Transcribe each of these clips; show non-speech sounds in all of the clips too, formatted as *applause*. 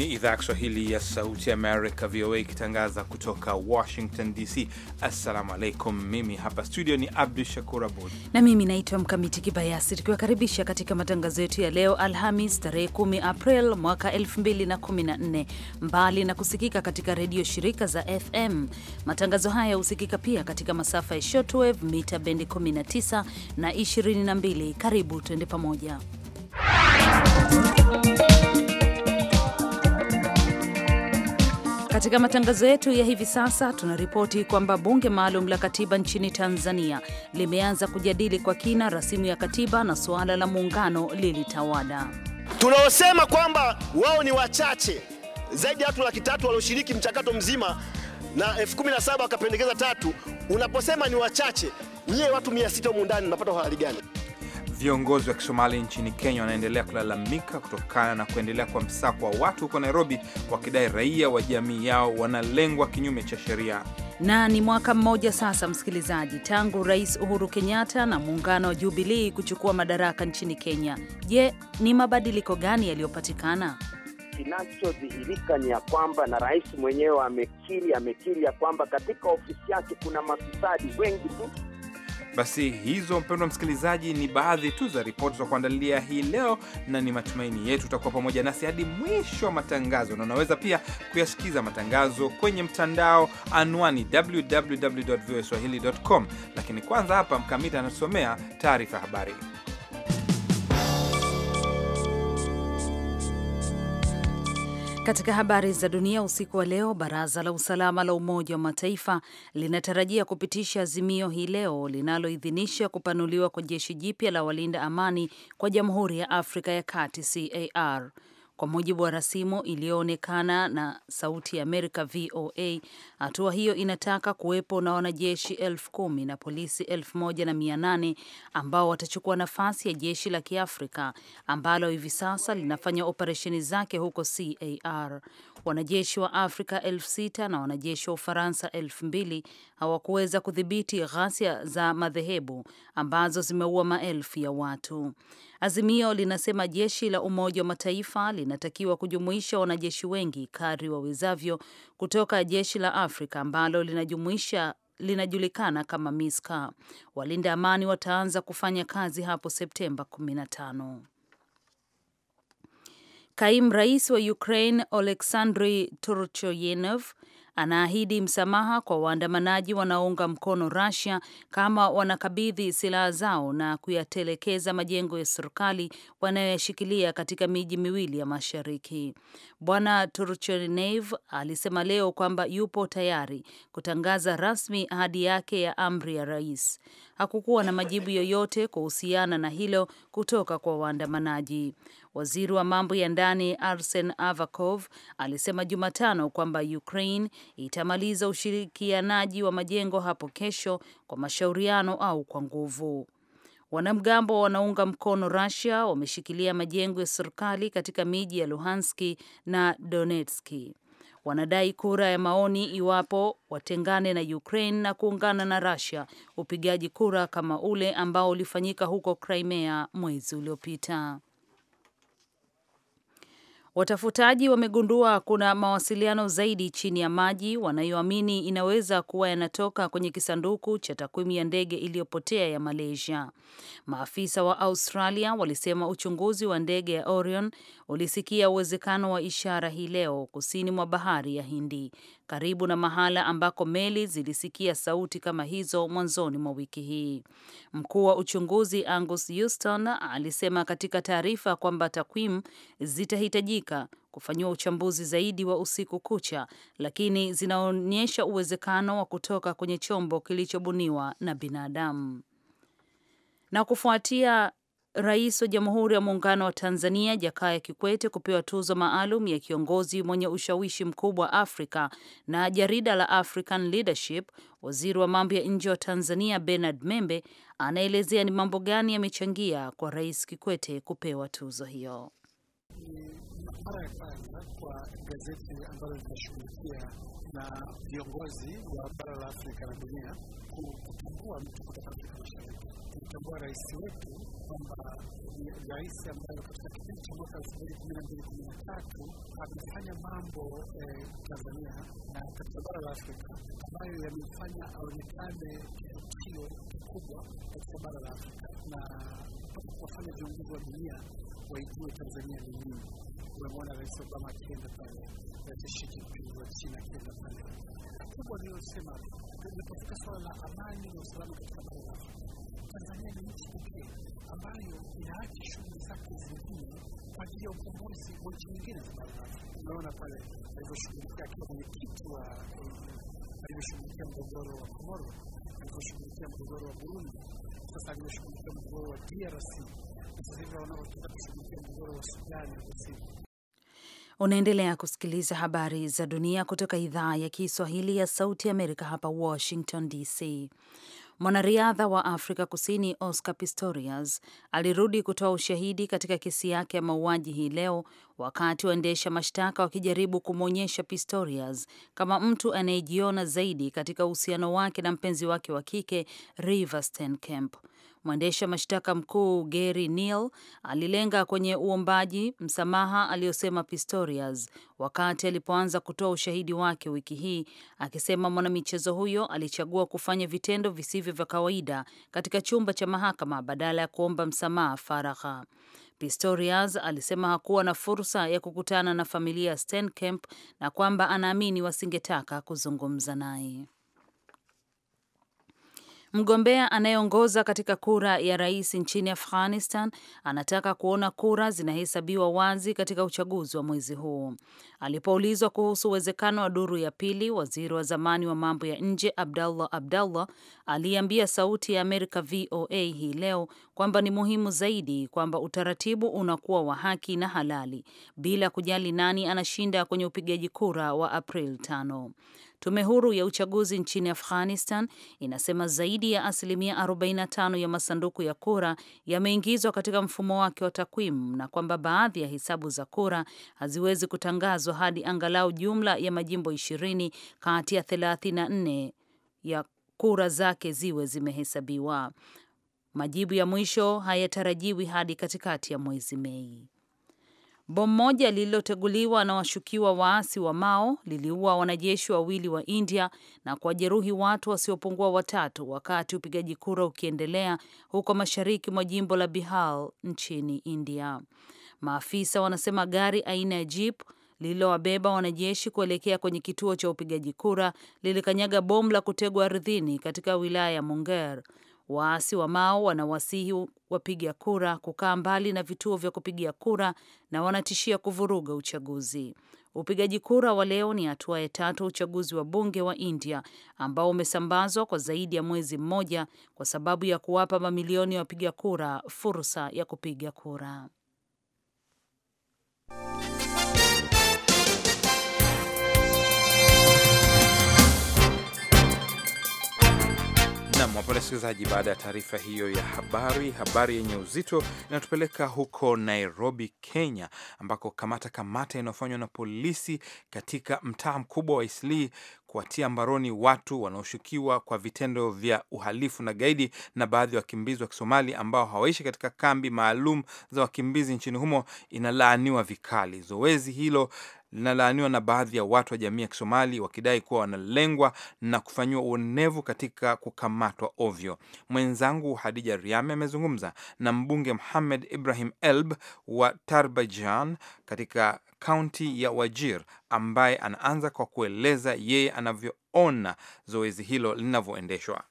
ni idhaa ya Kiswahili ya Sauti ya Amerika, VOA, ikitangaza kutoka Washington DC. Assalamu alaikum. Mimi hapa studio ni Abdu Shakur Abud na mimi naitwa Mkamiti Kibayasi, tukiwakaribisha katika matangazo yetu ya leo Alhamis tarehe 10 April mwaka 2014. Mbali na kusikika katika redio shirika za FM, matangazo haya husikika pia katika masafa ya shortwave mita bendi 19 na 22. Karibu tuende pamoja Katika matangazo yetu ya hivi sasa tunaripoti kwamba bunge maalum la katiba nchini Tanzania limeanza kujadili kwa kina rasimu ya katiba na suala la muungano lilitawala. Tunaosema kwamba wao ni wachache zaidi ya watu laki tatu walioshiriki mchakato mzima na elfu kumi na saba wakapendekeza tatu. Unaposema ni wachache, nyie watu mia sita mundani mnapata hali gani? Viongozi wa Kisomali nchini Kenya wanaendelea kulalamika kutokana na kuendelea kwa msako wa watu huko Nairobi, wakidai raia wa jamii yao wanalengwa kinyume cha sheria. Na ni mwaka mmoja sasa, msikilizaji, tangu Rais Uhuru Kenyatta na muungano wa Jubilii kuchukua madaraka nchini Kenya. Je, ni mabadiliko gani yaliyopatikana? Kinachodhihirika ni ya kwamba na rais mwenyewe amekiri, amekiri ya kwamba katika ofisi yake kuna mafisadi wengi tu basi hizo, mpendwa msikilizaji, ni baadhi tu za ripoti za kuandalia hii leo, na ni matumaini yetu utakuwa pamoja nasi hadi mwisho wa matangazo, na unaweza pia kuyasikiza matangazo kwenye mtandao, anwani www Lakini kwanza hapa Mkamita anatusomea taarifa habari. Katika habari za dunia usiku wa leo, baraza la usalama la Umoja wa Mataifa linatarajia kupitisha azimio hii leo linaloidhinisha kupanuliwa kwa jeshi jipya la walinda amani kwa Jamhuri ya Afrika ya Kati CAR. Kwa mujibu wa rasimu iliyoonekana na Sauti ya Amerika VOA, Hatua hiyo inataka kuwepo na wanajeshi elfu kumi na polisi elfu moja na mia nane ambao watachukua nafasi ya jeshi la Kiafrika ambalo hivi sasa linafanya operesheni zake huko CAR. Wanajeshi wa Afrika elfu sita na wanajeshi wa Ufaransa elfu mbili hawakuweza kudhibiti ghasia za madhehebu ambazo zimeua maelfu ya watu. Azimio linasema jeshi la Umoja wa Mataifa linatakiwa kujumuisha wanajeshi wengi kadri wawezavyo kutoka jeshi la Afrika Afrika ambalo linajumuisha linajulikana kama MISCA. Walinda amani wataanza kufanya kazi hapo Septemba 15. Kaimu rais wa Ukraine Oleksandri Turchoyenov anaahidi msamaha kwa waandamanaji wanaounga mkono Russia kama wanakabidhi silaha zao na kuyatelekeza majengo ya serikali wanayoyashikilia katika miji miwili ya mashariki. Bwana Turchenev alisema leo kwamba yupo tayari kutangaza rasmi ahadi yake ya amri ya rais hakukuwa na majibu yoyote kuhusiana na hilo kutoka kwa waandamanaji. Waziri wa mambo ya ndani Arsen Avakov alisema Jumatano kwamba Ukraine itamaliza ushirikianaji wa majengo hapo kesho kwa mashauriano au kwa nguvu. Wanamgambo wanaunga mkono Russia wameshikilia majengo ya serikali katika miji ya Luhanski na Donetski wanadai kura ya maoni iwapo watengane na Ukraine na kuungana na Russia, upigaji kura kama ule ambao ulifanyika huko Crimea mwezi uliopita. Watafutaji wamegundua kuna mawasiliano zaidi chini ya maji wanayoamini inaweza kuwa yanatoka kwenye kisanduku cha takwimu ya ndege iliyopotea ya Malaysia. Maafisa wa Australia walisema uchunguzi wa ndege ya Orion ulisikia uwezekano wa ishara hii leo kusini mwa bahari ya Hindi, karibu na mahala ambako meli zilisikia sauti kama hizo mwanzoni mwa wiki hii. Mkuu wa uchunguzi Angus Houston alisema katika taarifa kwamba takwimu zitahitajika kufanyiwa uchambuzi zaidi wa usiku kucha, lakini zinaonyesha uwezekano wa kutoka kwenye chombo kilichobuniwa na binadamu. Na kufuatia Rais wa Jamhuri ya Muungano wa Tanzania Jakaya Kikwete kupewa tuzo maalum ya kiongozi mwenye ushawishi mkubwa Afrika na jarida la African Leadership. Waziri wa mambo ya nje wa Tanzania Bernard Membe anaelezea ni mambo gani yamechangia kwa Rais Kikwete kupewa tuzo hiyo mara ya kwanza kwa gazeti ambalo linashughulikia na viongozi wa bara la Afrika na dunia kutambua mtu kutoka Afrika Mashariki, kumtambua rais wetu kwamba ni rais ambayo katika kipindi cha mwaka elfu mbili kumi na mbili kumi na tatu amefanya mambo eh, Tanzania na katika bara la Afrika ambayo yamefanya aonekane kivutio kikubwa katika bara la Afrika na kufanya viongozi wa dunia войду это замерли им. Ramona adesso va a chiedere per me, perché ci ti più vicino a chiedere per me. Tu vuoi dire insieme, perché perché solo la amani non saranno che trabalha. Tanzania ni nchi pekee ambayo inaacha shughuli zake zingine kwa ajili ya ukombozi wa nchi nyingine za bara. Unaona pale alivyoshughulikia akiwa mwenyekiti wa alivyoshughulikia mgogoro wa Komoro, alivyoshughulikia mgogoro wa Burundi, sasa alivyoshughulikia mgogoro wa DRC Unaendelea kusikiliza habari za dunia kutoka idhaa ya Kiswahili ya Sauti Amerika hapa Washington DC. Mwanariadha wa Afrika Kusini Oscar Pistorius alirudi kutoa ushahidi katika kesi yake ya mauaji hii leo, wakati waendesha mashtaka wakijaribu kumwonyesha Pistorius kama mtu anayejiona zaidi katika uhusiano wake na mpenzi wake wa kike Reeva Steenkamp. Mwendesha mashtaka mkuu Gary Neal alilenga kwenye uombaji msamaha aliyosema Pistorius wakati alipoanza kutoa ushahidi wake wiki hii, akisema mwanamichezo huyo alichagua kufanya vitendo visivyo vya kawaida katika chumba cha mahakama badala ya kuomba msamaha faragha. Pistorius alisema hakuwa na fursa ya kukutana na familia ya Steenkamp na kwamba anaamini wasingetaka kuzungumza naye. Mgombea anayeongoza katika kura ya rais nchini Afghanistan anataka kuona kura zinahesabiwa wazi katika uchaguzi wa mwezi huu. Alipoulizwa kuhusu uwezekano wa duru ya pili, waziri wa zamani wa mambo ya nje Abdallah Abdallah aliambia Sauti ya Amerika VOA hii leo kwamba ni muhimu zaidi kwamba utaratibu unakuwa wa haki na halali bila kujali nani anashinda kwenye upigaji kura wa April tano. Tume huru ya uchaguzi nchini Afghanistan inasema zaidi ya asilimia 45 ya masanduku ya kura yameingizwa katika mfumo wake wa takwimu na kwamba baadhi ya hesabu za kura haziwezi kutangazwa hadi angalau jumla ya majimbo 20 kati ya 34 ya kura zake ziwe zimehesabiwa. Majibu ya mwisho hayatarajiwi hadi katikati ya mwezi Mei. Bomu moja lililoteguliwa na washukiwa waasi wa Mao liliua wanajeshi wawili wa India na kuwajeruhi watu wasiopungua watatu wakati upigaji kura ukiendelea huko mashariki mwa jimbo la Bihar nchini India. Maafisa wanasema gari aina ya Jeep lililowabeba wanajeshi kuelekea kwenye kituo cha upigaji kura lilikanyaga bomu la kutegwa ardhini katika wilaya ya Munger. Waasi wa Mao wanawasihi wapiga kura kukaa mbali na vituo vya kupigia kura na wanatishia kuvuruga uchaguzi. Upigaji kura wa leo ni hatua ya tatu uchaguzi wa bunge wa India ambao umesambazwa kwa zaidi ya mwezi mmoja kwa sababu ya kuwapa mamilioni ya wapiga kura fursa ya kupiga kura. msikilizaji, baada ya taarifa hiyo ya habari, habari yenye uzito inatupeleka huko Nairobi, Kenya, ambako kamata kamata inayofanywa na polisi katika mtaa mkubwa wa Isli kuwatia mbaroni watu wanaoshukiwa kwa vitendo vya uhalifu na gaidi na baadhi ya wakimbizi wa Kisomali ambao hawaishi katika kambi maalum za wakimbizi nchini humo inalaaniwa vikali. Zoezi hilo linalaaniwa na baadhi ya watu wa jamii ya Kisomali wakidai kuwa wanalengwa na kufanyiwa uonevu katika kukamatwa ovyo. Mwenzangu Hadija Riame amezungumza na mbunge Muhamed Ibrahim Elb wa Tarbajan katika kaunti ya Wajir ambaye anaanza kwa kueleza yeye anavyoona zoezi hilo linavyoendeshwa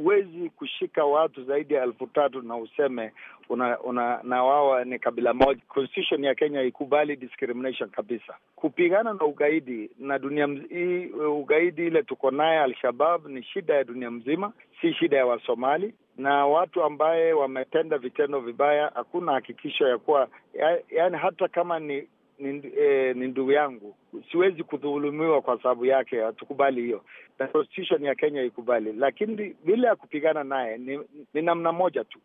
huwezi kushika watu zaidi ya elfu tatu na useme una, una, na wao ni kabila moja. Constitution ya Kenya ikubali discrimination kabisa. Kupigana na ugaidi na dunia hii, uh, ugaidi ile tuko naye Al-Shabab ni shida ya dunia mzima, si shida ya Wasomali na watu ambaye wametenda vitendo vibaya, hakuna hakikisho ya kuwa ya, yaani hata kama ni ni eh, ndugu yangu, siwezi kudhulumiwa kwa sababu yake. Hatukubali hiyo, na constitution ya Kenya ikubali, lakini bila ya kupigana naye ni, ni namna moja tu,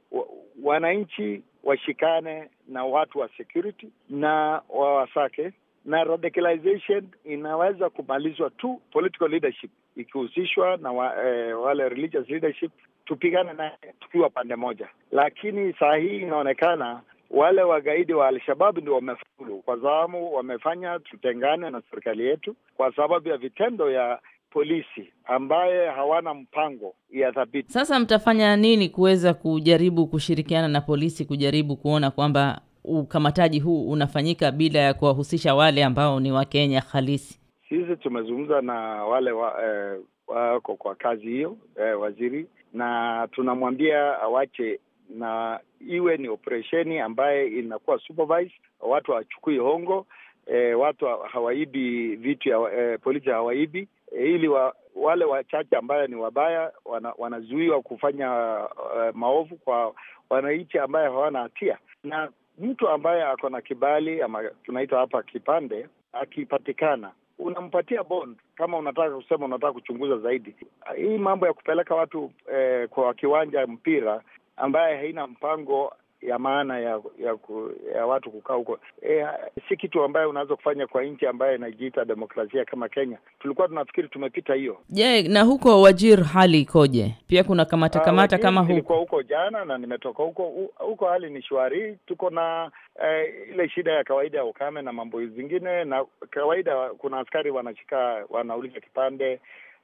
wananchi washikane na watu wa security na wawasake na radicalization inaweza kumalizwa tu political leadership ikihusishwa na wa, eh, wale religious leadership, tupigane naye tukiwa pande moja, lakini saa hii inaonekana wale wagaidi wa Alshababu ndio wamefulu kwa sababu wamefanya tutengane na serikali yetu kwa sababu ya vitendo ya polisi ambaye hawana mpango ya thabiti. Sasa mtafanya nini kuweza kujaribu kushirikiana na polisi kujaribu kuona kwamba ukamataji huu unafanyika bila ya kuwahusisha wale ambao ni Wakenya halisi? Sisi tumezungumza na wale wa, eh, wako kwa kazi hiyo eh, waziri na tunamwambia awache na iwe ni operesheni ambaye inakuwa supervised, watu hawachukui hongo e, watu hawaibi vitu ya e, polisi hawaibi e, eh, ili wa, wale wachache ambayo ni wabaya wana, wanazuiwa kufanya uh, maovu kwa wananchi ambaye hawana hatia, na mtu ambaye ako na kibali ama tunaita hapa kipande, akipatikana unampatia bond kama unataka kusema unataka kuchunguza zaidi. Hii mambo ya kupeleka watu eh, kwa kiwanja mpira ambaye haina mpango ya maana ya ya, ku, ya watu kukaa huko e, si kitu ambayo unaweza kufanya kwa nchi ambayo inajiita demokrasia kama Kenya. Tulikuwa tunafikiri tumepita hiyo. Je, na huko Wajir hali ikoje? Pia kuna kamata ah, kamata kama huko. Nilikuwa huko jana na nimetoka huko huko, hali ni shwari. Tuko na eh, ile shida ya kawaida ya ukame na mambo zingine, na kawaida kuna askari wanashika wanauliza kipande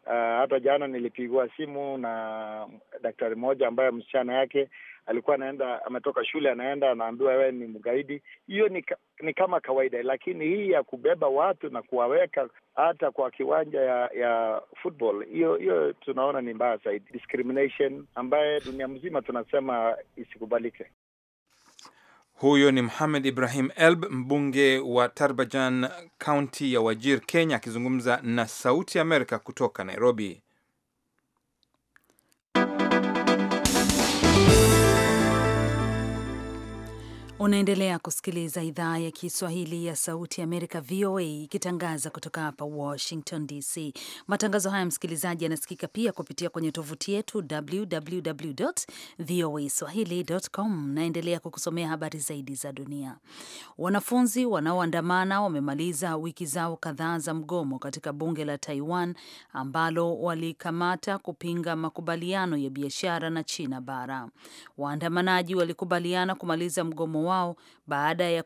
Uh, hata jana nilipigwa simu na daktari mmoja ambaye msichana yake alikuwa anaenda, ametoka shule, anaenda anaambiwa wewe ni mgaidi. Hiyo ni, ni kama kawaida, lakini hii ya kubeba watu na kuwaweka hata kwa kiwanja ya ya football, hiyo hiyo tunaona ni mbaya zaidi, discrimination ambaye dunia mzima tunasema isikubalike. Huyo ni Muhamed Ibrahim Elb, mbunge wa Tarbajan, kaunti ya Wajir, Kenya, akizungumza na Sauti Amerika kutoka Nairobi. Unaendelea kusikiliza idhaa ya Kiswahili ya Sauti ya Amerika, VOA, ikitangaza kutoka hapa Washington DC. Matangazo haya, msikilizaji, yanasikika pia kupitia kwenye tovuti yetu www voa swahili.com. Naendelea kukusomea habari zaidi za dunia. Wanafunzi wanaoandamana wamemaliza wiki zao kadhaa za mgomo katika bunge la Taiwan ambalo walikamata kupinga makubaliano ya biashara na China bara. Waandamanaji walikubaliana kumaliza mgomo wao baada ya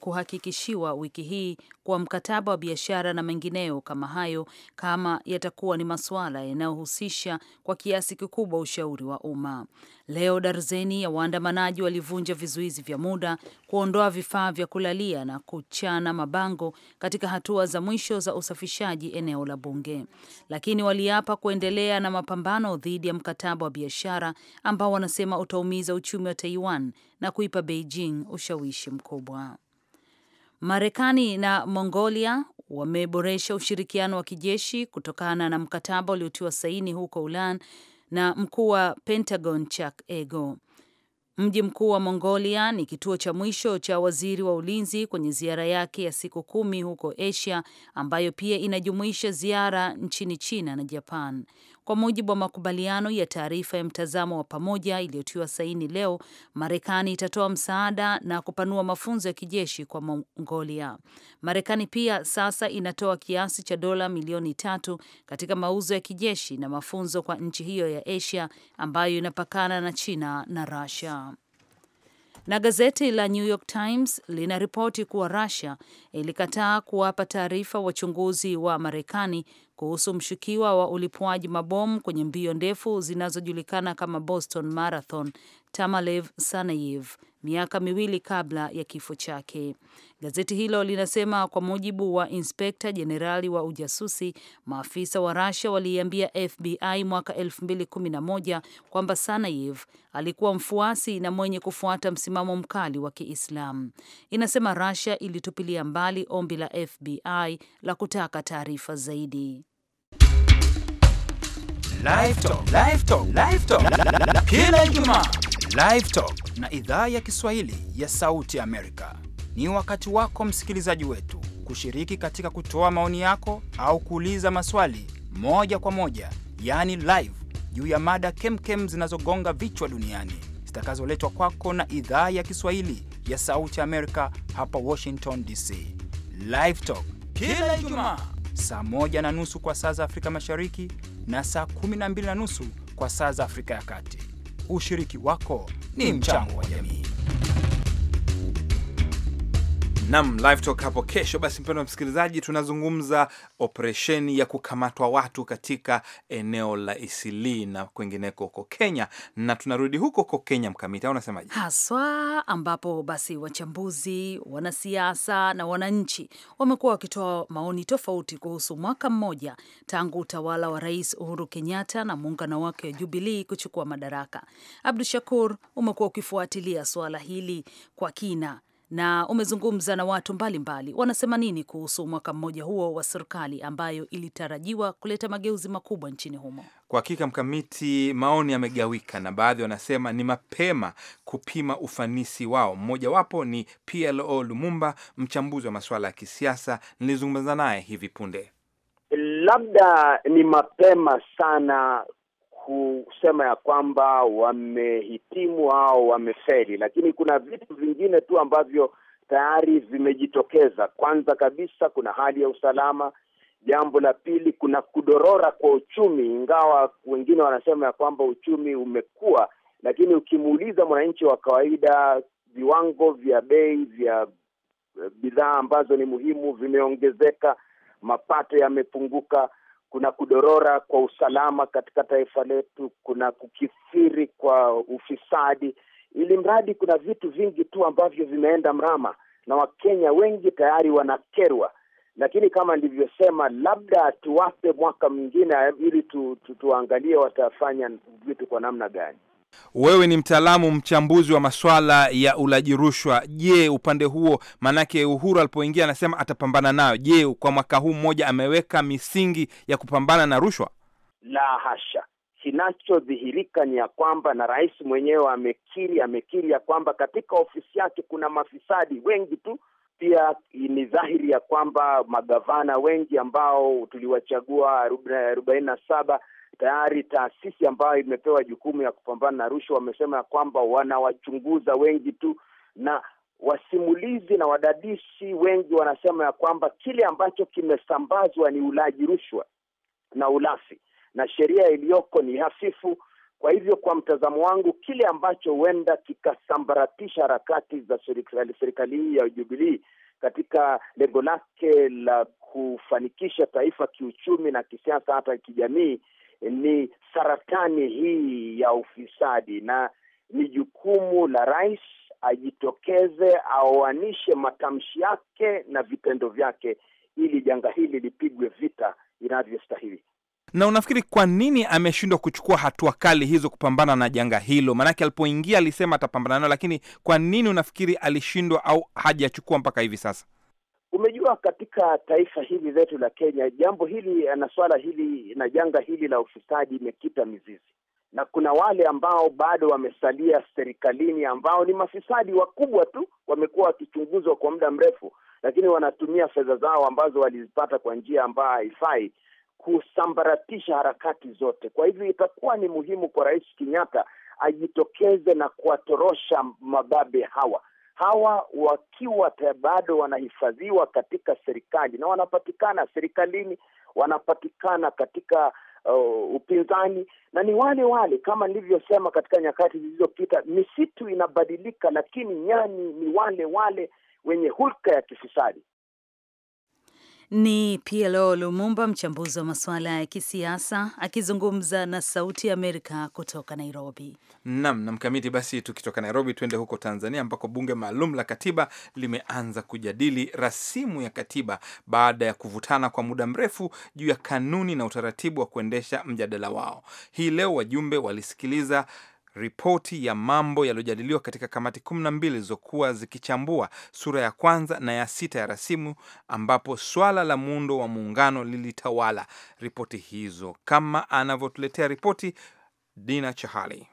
kuhakikishiwa wiki hii kwa mkataba wa biashara na mengineo kama hayo kama yatakuwa ni masuala yanayohusisha kwa kiasi kikubwa ushauri wa umma. Leo darzeni ya waandamanaji walivunja vizuizi vya muda, kuondoa vifaa vya kulalia na kuchana mabango katika hatua za mwisho za usafishaji eneo la bunge, lakini waliapa kuendelea na mapambano dhidi ya mkataba wa biashara ambao wanasema utaumiza uchumi wa Taiwan na kuipa Beijing ushawishi mkubwa. Marekani na Mongolia wameboresha ushirikiano wa kijeshi kutokana na mkataba uliotiwa saini huko Ulan na mkuu wa Pentagon Chuck Ego. Mji mkuu wa Mongolia ni kituo cha mwisho cha waziri wa ulinzi kwenye ziara yake ya siku kumi huko Asia, ambayo pia inajumuisha ziara nchini China na Japan. Kwa mujibu wa makubaliano ya taarifa ya mtazamo wa pamoja iliyotiwa saini leo, Marekani itatoa msaada na kupanua mafunzo ya kijeshi kwa Mongolia. Marekani pia sasa inatoa kiasi cha dola milioni tatu katika mauzo ya kijeshi na mafunzo kwa nchi hiyo ya Asia ambayo inapakana na China na Russia. Na gazeti la New York Times linaripoti kuwa Russia ilikataa kuwapa taarifa wachunguzi wa Marekani kuhusu mshukiwa wa ulipuaji mabomu kwenye mbio ndefu zinazojulikana kama Boston Marathon, Tamalev Sanayev miaka miwili kabla ya kifo chake. Gazeti hilo linasema kwa mujibu wa inspekta jenerali wa ujasusi, maafisa wa Rasia waliiambia FBI mwaka 2011 kwamba Sanayev alikuwa mfuasi na mwenye kufuata msimamo mkali wa Kiislamu. Inasema Rasia ilitupilia mbali ombi la FBI la kutaka taarifa zaidi. Live Kila Ijumaa Live Talk na idhaa ya Kiswahili ya Sauti Amerika. Ni wakati wako msikilizaji wetu kushiriki katika kutoa maoni yako au kuuliza maswali moja kwa moja, yani live, juu ya mada kemkem zinazogonga vichwa duniani zitakazoletwa kwako na idhaa ya Kiswahili ya Sauti Amerika hapa Washington DC. Live Talk kila Ijumaa saa 1 na nusu kwa saa za Afrika Mashariki na saa 12 na nusu kwa saa za Afrika ya Kati. Ushiriki wako ni mchango wa jamii. Nam live talk hapo kesho. Basi mpendwa msikilizaji, tunazungumza operesheni ya kukamatwa watu katika eneo la Isili na kwengineko huko Kenya, na tunarudi huko huko Kenya. Mkamiti, au unasemaje? Haswa ambapo basi wachambuzi, wanasiasa na wananchi wamekuwa wakitoa maoni tofauti kuhusu mwaka mmoja tangu utawala wa Rais Uhuru Kenyatta na muungano wake wa Jubilii kuchukua madaraka. Abdu Shakur, umekuwa ukifuatilia suala hili kwa kina na umezungumza na watu mbalimbali mbali. Wanasema nini kuhusu mwaka mmoja huo wa serikali ambayo ilitarajiwa kuleta mageuzi makubwa nchini humo? Kwa hakika mkamiti, maoni yamegawika, na baadhi wanasema ni mapema kupima ufanisi wao. Mmojawapo ni PLO Lumumba, mchambuzi wa masuala ya kisiasa, nilizungumza naye hivi punde. Labda ni mapema sana kusema ya kwamba wamehitimu au wamefeli, lakini kuna vitu vingine tu ambavyo tayari vimejitokeza. Kwanza kabisa, kuna hali ya usalama. Jambo la pili, kuna kudorora kwa uchumi, ingawa wengine wanasema ya kwamba uchumi umekuwa, lakini ukimuuliza mwananchi wa kawaida, viwango vya bei vya eh, bidhaa ambazo ni muhimu vimeongezeka, mapato yamepunguka kuna kudorora kwa usalama katika taifa letu, kuna kukithiri kwa ufisadi, ili mradi kuna vitu vingi tu ambavyo vimeenda mrama na Wakenya wengi tayari wanakerwa. Lakini kama nilivyosema, labda tuwape mwaka mwingine eh, ili tu, tu, tuangalie watafanya vitu kwa namna gani. Wewe ni mtaalamu mchambuzi wa maswala ya ulaji rushwa. Je, upande huo, maanake Uhuru alipoingia anasema atapambana nayo. Je, kwa mwaka huu mmoja ameweka misingi ya kupambana na rushwa? La hasha. Kinachodhihirika ni ya kwamba, na rais mwenyewe amekiri, amekiri ya kwamba katika ofisi yake kuna mafisadi wengi tu. Pia ni dhahiri ya kwamba magavana wengi ambao tuliwachagua arobaini na saba Tayari taasisi ambayo imepewa jukumu ya kupambana na rushwa wamesema ya kwamba wanawachunguza wengi tu, na wasimulizi na wadadisi wengi wanasema ya kwamba kile ambacho kimesambazwa ni ulaji rushwa na ulafi, na sheria iliyoko ni hafifu. Kwa hivyo, kwa mtazamo wangu, kile ambacho huenda kikasambaratisha harakati za serikali, serikali hii ya Jubilii katika lengo lake la kufanikisha taifa kiuchumi na kisiasa hata kijamii ni saratani hii ya ufisadi, na ni jukumu la rais ajitokeze, aoanishe matamshi yake na vitendo vyake ili janga hili lipigwe vita inavyostahili. Na unafikiri kwa nini ameshindwa kuchukua hatua kali hizo kupambana na janga hilo? Maanake alipoingia alisema atapambana nao, lakini kwa nini unafikiri alishindwa au hajachukua mpaka hivi sasa? Umejua, katika taifa hili letu la Kenya, jambo hili na swala hili na janga hili la ufisadi imekita mizizi, na kuna wale ambao bado wamesalia serikalini ambao ni mafisadi wakubwa tu, wamekuwa wakichunguzwa kwa muda mrefu, lakini wanatumia fedha zao ambazo walizipata kwa njia ambayo haifai kusambaratisha harakati zote. Kwa hivyo itakuwa ni muhimu kwa Rais Kenyatta ajitokeze na kuwatorosha mababe hawa hawa wakiwa bado wanahifadhiwa katika serikali na wanapatikana serikalini, wanapatikana katika uh, upinzani na ni wale wale, kama nilivyosema katika nyakati zilizopita, misitu inabadilika, lakini nyani ni wale wale wenye hulka ya kifisadi. Ni PLO Lumumba, mchambuzi wa masuala ya kisiasa akizungumza na Sauti ya Amerika kutoka Nairobi. Nam na Mkamiti, basi tukitoka Nairobi tuende huko Tanzania, ambako bunge maalum la katiba limeanza kujadili rasimu ya katiba baada ya kuvutana kwa muda mrefu juu ya kanuni na utaratibu wa kuendesha mjadala wao. Hii leo wajumbe walisikiliza ripoti ya mambo yaliyojadiliwa katika kamati kumi na mbili zilizokuwa zikichambua sura ya kwanza na ya sita ya rasimu, ambapo swala la muundo wa muungano lilitawala ripoti hizo, kama anavyotuletea ripoti Dina Chahali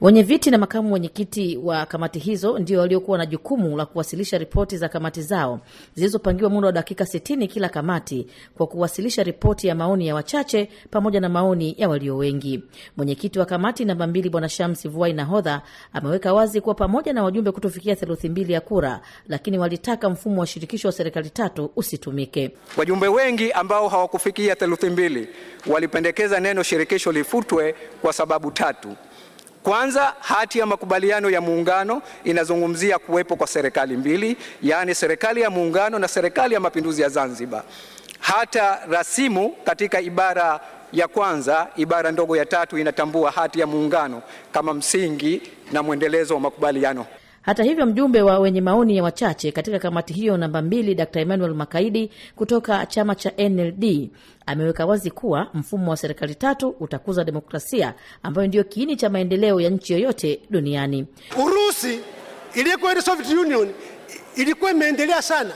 wenye viti na makamu mwenyekiti wa kamati hizo ndio waliokuwa na jukumu la kuwasilisha ripoti za kamati zao zilizopangiwa muda wa dakika 60 kila kamati, kwa kuwasilisha ripoti ya maoni ya wachache pamoja na maoni ya walio wengi. Mwenyekiti wa kamati namba mbili Bwana Shamsi Vuai Nahodha ameweka wazi kuwa pamoja na wajumbe kutofikia theluthi mbili ya kura, lakini walitaka mfumo wa shirikisho wa serikali tatu usitumike. Wajumbe wengi ambao hawakufikia theluthi mbili walipendekeza neno shirikisho lifutwe kwa sababu tatu. Kwanza, hati ya makubaliano ya muungano inazungumzia kuwepo kwa serikali mbili, yaani serikali ya muungano na serikali ya mapinduzi ya Zanzibar. Hata rasimu katika ibara ya kwanza ibara ndogo ya tatu inatambua hati ya muungano kama msingi na mwendelezo wa makubaliano. Hata hivyo, mjumbe wa wenye maoni ya wachache katika kamati hiyo namba mbili, Dr Emmanuel Makaidi kutoka chama cha NLD ameweka wazi kuwa mfumo wa serikali tatu utakuza demokrasia ambayo ndiyo kiini cha maendeleo ya nchi yoyote duniani. Urusi iliyokuwa ile Soviet Union ilikuwa imeendelea sana,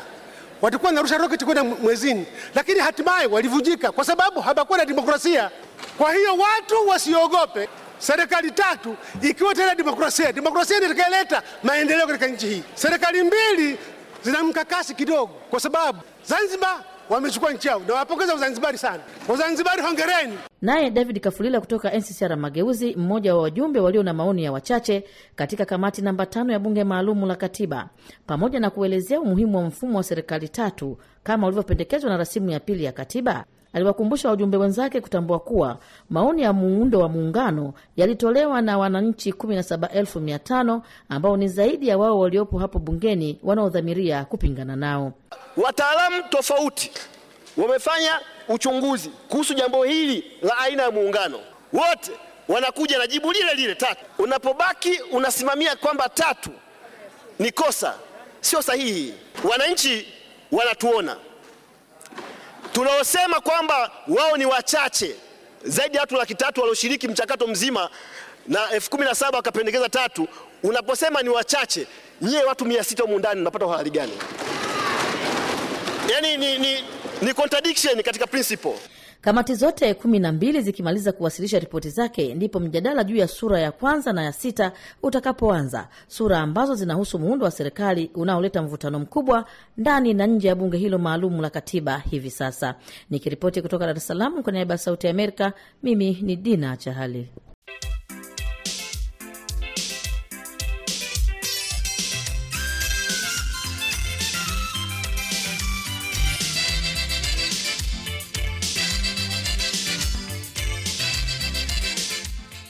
walikuwa narusha roketi kwenda mwezini, lakini hatimaye walivujika kwa sababu hapakuwa na demokrasia. Kwa hiyo watu wasiogope serikali tatu ikiwa tena demokrasia. Demokrasia ndiyo itakayoleta maendeleo katika nchi hii. Serikali mbili zina mkakasi kidogo, kwa sababu Zanzibar wamechukua nchi yao na wapongeza Wazanzibari sana. Wazanzibari hongereni. Naye David Kafulila kutoka NCCR Mageuzi, mmoja wa wajumbe walio na maoni ya wachache katika kamati namba tano ya bunge maalum la katiba, pamoja na kuelezea umuhimu wa mfumo wa serikali tatu kama ulivyopendekezwa na rasimu ya pili ya katiba, aliwakumbusha wajumbe wenzake kutambua kuwa maoni ya muundo wa muungano yalitolewa na wananchi 17,500 ambao ni zaidi ya wao waliopo hapo bungeni wanaodhamiria kupingana nao. Wataalamu tofauti wamefanya uchunguzi kuhusu jambo hili la aina ya muungano, wote wanakuja na jibu lile lile tatu. Unapobaki unasimamia kwamba tatu ni kosa, sio sahihi. Wananchi wanatuona tunaosema kwamba wao ni wachache zaidi ya watu laki tatu walioshiriki mchakato mzima na elfu kumi na saba wakapendekeza tatu. Unaposema ni wachache, nyie watu mia sita humu ndani mnapata uhalali gani? Yani ni, ni, ni contradiction katika principle. Kamati zote kumi na mbili zikimaliza kuwasilisha ripoti zake, ndipo mjadala juu ya sura ya kwanza na ya sita utakapoanza, sura ambazo zinahusu muundo wa serikali unaoleta mvutano mkubwa ndani na nje ya bunge hilo maalum la katiba hivi sasa. Nikiripoti kutoka dares salam kwa niaba ya Sauti ya Amerika, mimi ni Dina Chahali.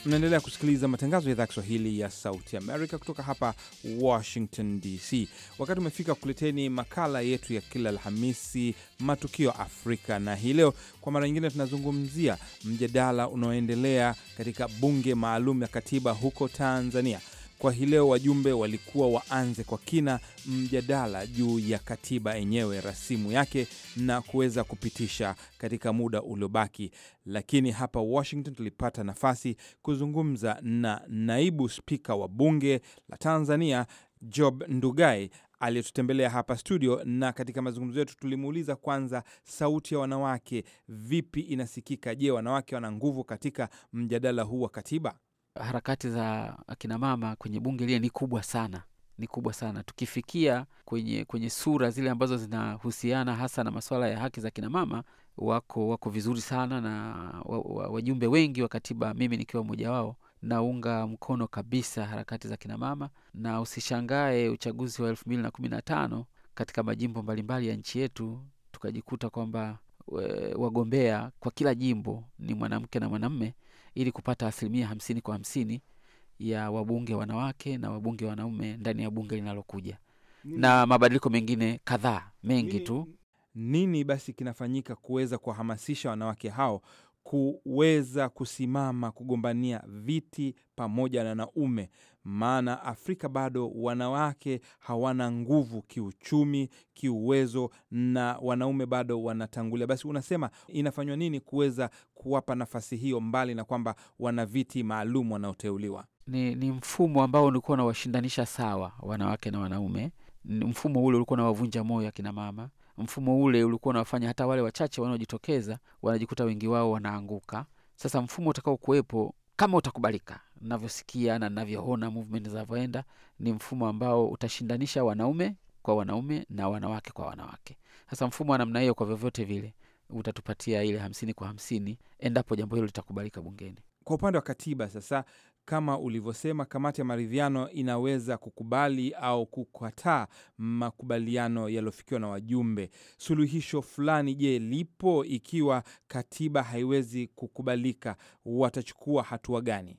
Mnaendelea kusikiliza matangazo ya idhaa ya Kiswahili ya Sauti Amerika kutoka hapa Washington DC. Wakati umefika kuleteni makala yetu ya kila Alhamisi, matukio Afrika, na hii leo kwa mara nyingine tunazungumzia mjadala unaoendelea katika bunge maalum ya katiba huko Tanzania kwa hii leo wajumbe walikuwa waanze kwa kina mjadala juu ya katiba yenyewe, rasimu yake na kuweza kupitisha katika muda uliobaki, lakini hapa Washington tulipata nafasi kuzungumza na naibu spika wa bunge la Tanzania Job Ndugai aliyetutembelea hapa studio, na katika mazungumzo yetu tulimuuliza kwanza, sauti ya wanawake vipi inasikika? Je, wanawake wana nguvu katika mjadala huu wa katiba? harakati za mama kwenye bunge lile ni kubwa sana, ni kubwa sana. Tukifikia kwenye kwenye sura zile ambazo zinahusiana hasa na masuala ya haki za mama wako wako vizuri sana na wajumbe wengi wa katiba, mimi nikiwa mmoja wao, naunga mkono kabisa harakati za kinamama, na usishangae uchaguzi wa elfu mbili na kumi na tano katika majimbo mbalimbali ya nchi yetu tukajikuta kwamba wagombea kwa kila jimbo ni mwanamke na mwanamme, ili kupata asilimia hamsini kwa hamsini ya wabunge wanawake na wabunge wanaume ndani ya bunge linalokuja na mabadiliko mengine kadhaa mengi nini tu. Nini basi kinafanyika kuweza kuwahamasisha wanawake hao kuweza kusimama kugombania viti pamoja na wanaume, maana Afrika bado wanawake hawana nguvu kiuchumi, kiuwezo, na wanaume bado wanatangulia. Basi unasema inafanywa nini kuweza kuwapa nafasi hiyo, mbali na kwamba wana viti maalum wanaoteuliwa? Ni, ni mfumo ambao ulikuwa unawashindanisha sawa wanawake na wanaume. Mfumo ule ulikuwa unawavunja moyo akina mama mfumo ule ulikuwa unawafanya hata wale wachache wanaojitokeza wanajikuta wengi wao wanaanguka. Sasa mfumo utakao kuwepo kama utakubalika, navyosikia na navyoona movement zinavyoenda, ni mfumo ambao utashindanisha wanaume kwa wanaume na wanawake kwa wanawake. Sasa mfumo wa namna hiyo kwa vyovyote vile utatupatia ile hamsini kwa hamsini endapo jambo hilo litakubalika bungeni. Kwa upande wa katiba sasa, kama ulivyosema, kamati ya maridhiano inaweza kukubali au kukataa makubaliano yaliyofikiwa na wajumbe. Suluhisho fulani, je, lipo? Ikiwa katiba haiwezi kukubalika, watachukua hatua gani?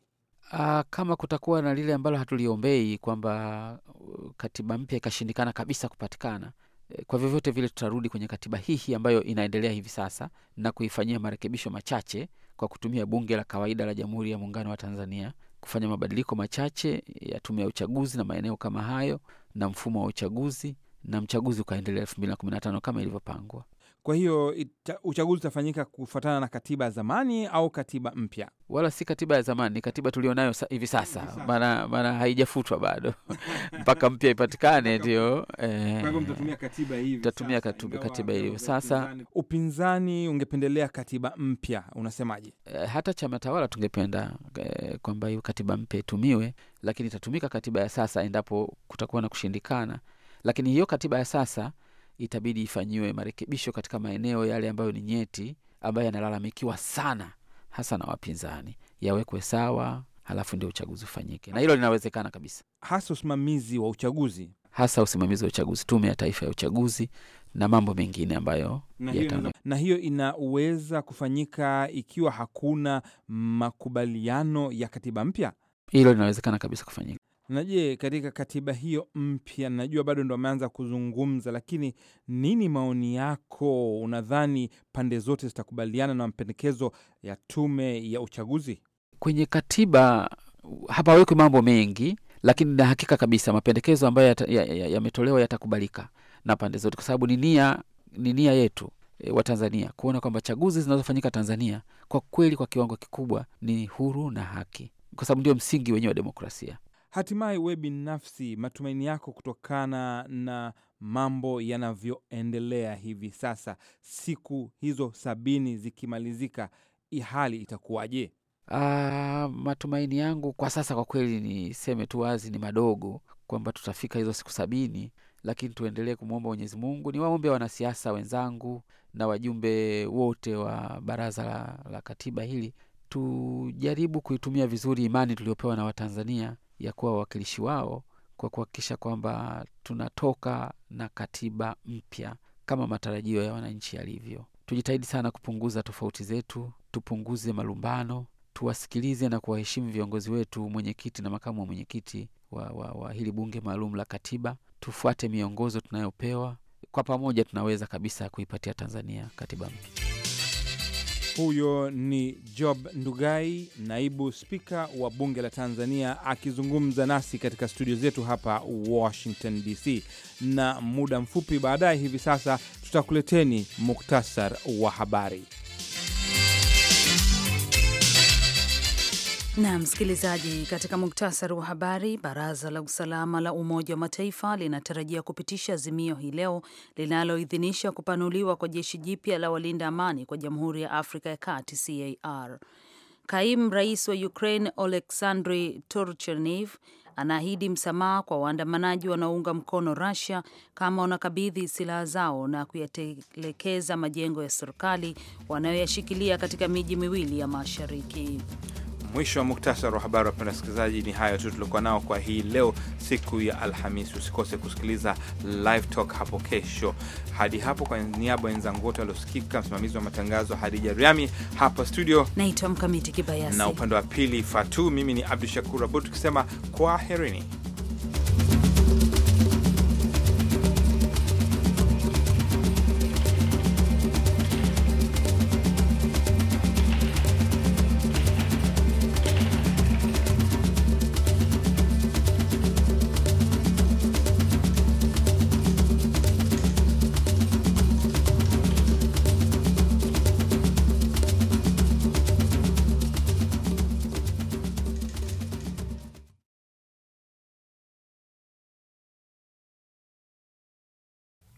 Uh, kama kutakuwa na lile ambalo hatuliombei kwamba uh, katiba mpya ikashindikana kabisa kupatikana, eh, kwa vyovyote vile tutarudi kwenye katiba hii hii ambayo inaendelea hivi sasa na kuifanyia marekebisho machache kwa kutumia bunge la kawaida la Jamhuri ya Muungano wa Tanzania kufanya mabadiliko machache ya tume ya uchaguzi na maeneo kama hayo na mfumo wa uchaguzi na mchaguzi ukaendelea elfu mbili na kumi na tano kama ilivyopangwa. Kwa hiyo ita, uchaguzi utafanyika kufuatana na katiba ya zamani au katiba mpya? Wala si katiba ya zamani, ni katiba tulionayo sa, hivi sasa, maana haijafutwa bado *laughs* mpaka mpya ipatikane, ndio eh. mtatumia katiba hivi sasa, katiba, sasa. Upinzani ungependelea katiba mpya, unasemaje? E, hata chama tawala tungependa e, kwamba hiyo katiba mpya itumiwe, lakini itatumika katiba ya sasa endapo kutakuwa na kushindikana, lakini hiyo katiba ya sasa itabidi ifanyiwe marekebisho katika maeneo yale ambayo ni nyeti, ambayo yanalalamikiwa sana hasa na wapinzani, yawekwe sawa, halafu ndio uchaguzi ufanyike, na hilo linawezekana kabisa, hasa usimamizi wa uchaguzi hasa usimamizi wa uchaguzi, Tume ya Taifa ya Uchaguzi na mambo mengine ambayo na hiyo, na hiyo inaweza kufanyika ikiwa hakuna makubaliano ya katiba mpya. Hilo linawezekana kabisa kufanyika. Na je, katika katiba hiyo mpya, najua bado ndo ameanza kuzungumza, lakini nini maoni yako? Unadhani pande zote zitakubaliana na mapendekezo ya tume ya uchaguzi? Kwenye katiba hapawekwi mambo mengi, lakini na hakika kabisa mapendekezo ambayo yametolewa ya, ya yatakubalika na pande zote, kwa sababu ni nia ni nia yetu e, wa Tanzania kuona kwamba chaguzi zinazofanyika Tanzania kwa kweli kwa kiwango kikubwa ni huru na haki, kwa sababu ndio msingi wenyewe wa demokrasia. Hatimaye we binafsi, matumaini yako kutokana na mambo yanavyoendelea hivi sasa, siku hizo sabini zikimalizika, hali itakuwaje? Uh, matumaini yangu kwa sasa kwa kweli niseme tu wazi ni madogo kwamba tutafika hizo siku sabini, lakini tuendelee kumwomba Mwenyezi Mungu. Ni waombe wanasiasa wenzangu na wajumbe wote wa baraza la, la katiba hili, tujaribu kuitumia vizuri imani tuliopewa na Watanzania ya kuwa wawakilishi wao kwa kuhakikisha kwamba tunatoka na katiba mpya kama matarajio ya wananchi yalivyo. Tujitahidi sana kupunguza tofauti zetu, tupunguze malumbano, tuwasikilize na kuwaheshimu viongozi wetu, mwenyekiti na makamu wa mwenyekiti wa, wa, wa hili bunge maalum la katiba. Tufuate miongozo tunayopewa. Kwa pamoja tunaweza kabisa kuipatia Tanzania katiba mpya. Huyo ni Job Ndugai, naibu spika wa bunge la Tanzania, akizungumza nasi katika studio zetu hapa Washington DC. Na muda mfupi baadaye hivi sasa tutakuleteni muktasar wa habari. Na msikilizaji, katika muktasari wa habari, baraza la usalama la Umoja wa Mataifa linatarajia kupitisha azimio hii leo linaloidhinisha kupanuliwa kwa jeshi jipya la walinda amani kwa Jamhuri ya Afrika ya Kati, CAR. Kaimu rais wa Ukraine Oleksandri Turchenev anaahidi msamaha kwa waandamanaji wanaounga mkono Russia kama wanakabidhi silaha zao na kuyatelekeza majengo ya serikali wanayoyashikilia katika miji miwili ya mashariki. Mwisho wa muktasari wa habari. Wapenda wasikilizaji, ni hayo tu tuliokuwa nao kwa hii leo, siku ya Alhamisi. Usikose kusikiliza Live Talk hapo kesho. Hadi hapo, kwa niaba wenzangu wote waliosikika, msimamizi wa matangazo Hadija Riami hapa studio, naitwa Mkamiti Kibayasi, na upande wa pili Fatu. Mimi ni Abdu Shakur Abud tukisema kwaherini.